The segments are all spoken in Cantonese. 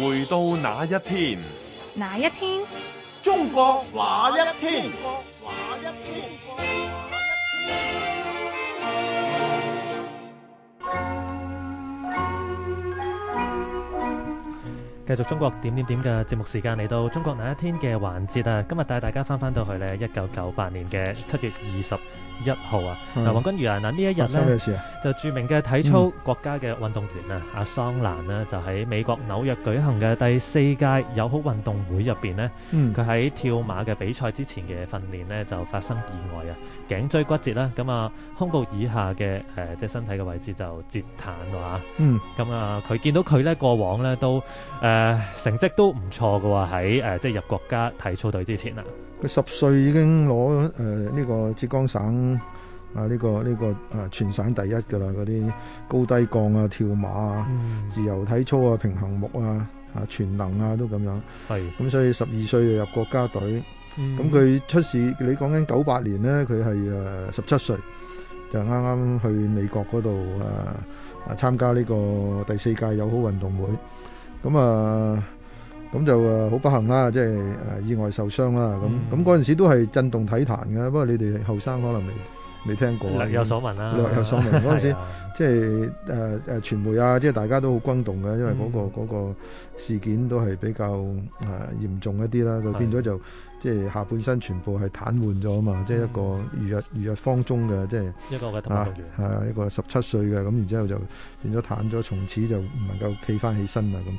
回到那一天，那一天，中國那一天？中國那一天繼續中國點點點嘅節目時間，嚟到中國那一天嘅環節啊！今日帶大家翻翻到去咧一九九八年嘅七月二十一號啊！嗱，王君如啊，嗱呢一日咧就著名嘅體操國家嘅運動員啊，阿桑蘭咧就喺美國紐約舉行嘅第四屆友好運動會入邊咧，佢喺跳馬嘅比賽之前嘅訓練咧就發生意外啊！頸椎骨折啦，咁啊胸部以下嘅誒即係身體嘅位置就截癱啦吓，咁啊佢見到佢咧過往咧都誒。成績都唔錯嘅喎，喺誒、呃、即係入國家體操隊之前啊，佢十歲已經攞誒呢個浙江省啊呢、這個呢、這個誒、啊、全省第一嘅啦，嗰啲高低槓啊、跳馬啊、嗯、自由體操啊、平衡木啊、啊全能啊都咁樣。係咁是、嗯、所以十二歲就入國家隊，咁佢、嗯、出事，你講緊九八年呢？佢係誒十七歲就啱、是、啱去美國嗰度誒啊參加呢個第四屆友好運動會。咁啊，咁就啊好不幸啦，即係誒意外受傷啦。咁咁嗰陣時都係震動體壇嘅，不過你哋後生可能未未聽過，略有所聞啦、啊。略有所聞，嗰陣時是的即係誒誒傳媒啊，即係大家都好轟動嘅，因為嗰個、嗯、嗰個事件都係比較誒呃、嚴重一啲啦，佢變咗就。即係下半身全部係癱瘓咗啊嘛！即係一個如日如日方中嘅，即係嚇嚇一個十七歲嘅，咁然之後就變咗癱咗，從此就唔能夠企翻起身啊咁。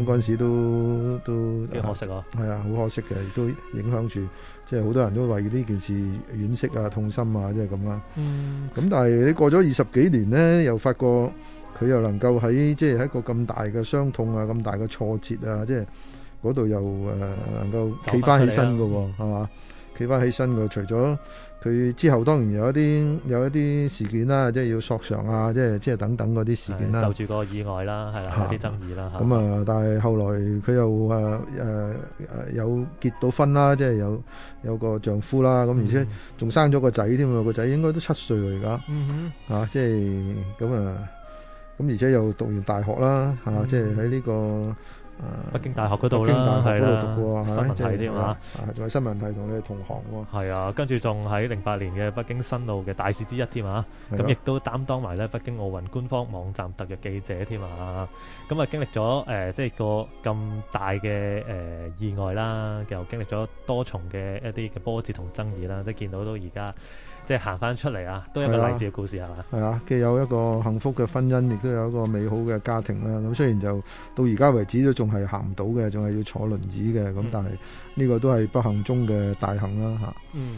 咁嗰陣時都都幾可惜啊！係啊，好可惜嘅，亦都影響住，即係好多人都為呢件事惋惜啊、痛心啊，即係咁啦。咁但係你過咗二十幾年呢，又發覺佢又能夠喺即係喺一個咁大嘅傷痛啊、咁大嘅挫折啊，即係。嗰度又誒、呃、能夠企翻起身嘅喎，係嘛？企翻、啊、起身嘅，除咗佢之後，當然有一啲有一啲事件啦、啊，即係要索償啊，即係即係等等嗰啲事件啦、啊。就住個意外啦，係的啦，啲爭議啦。咁、嗯、啊，但係後來佢又誒誒、嗯呃、有結到婚啦，即係有有個丈夫啦。咁而且仲生咗個仔添啊，個仔應該都七歲嚟㗎。而家，嗯哼，嚇、啊，即係咁啊，咁而且又讀完大學啦，嚇、啊，即係喺呢個。北京大學嗰度啦，係啦，讀過新聞系添啊，仲有新聞系同你哋同行喎。係啊的，跟住仲喺零八年嘅北京新路嘅大使之一添啊，咁亦都擔當埋咧北京奧運官方網站特約記者添啊。咁啊經歷咗誒即係個咁大嘅誒、呃、意外啦，又經歷咗多重嘅一啲嘅波折同爭議啦，即係見到都而家。即係行翻出嚟啊，都有一個勵志嘅故事係嘛？係啊的吧，既有一個幸福嘅婚姻，亦都有一個美好嘅家庭啦。咁雖然就到而家為止都仲係行唔到嘅，仲係要坐輪椅嘅。咁但係呢、嗯、個都係不幸中嘅大幸啦吓，啊、嗯，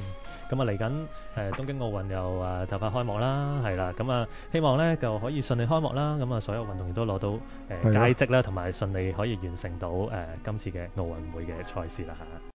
咁啊嚟緊誒東京奧運又誒頭髮開幕啦，係啦。咁啊希望咧就可以順利開幕啦。咁啊所有運動員都攞到誒、呃、是的 佳績啦，同埋順利可以完成到誒、啊、今次嘅奧運會嘅賽事啦嚇。啊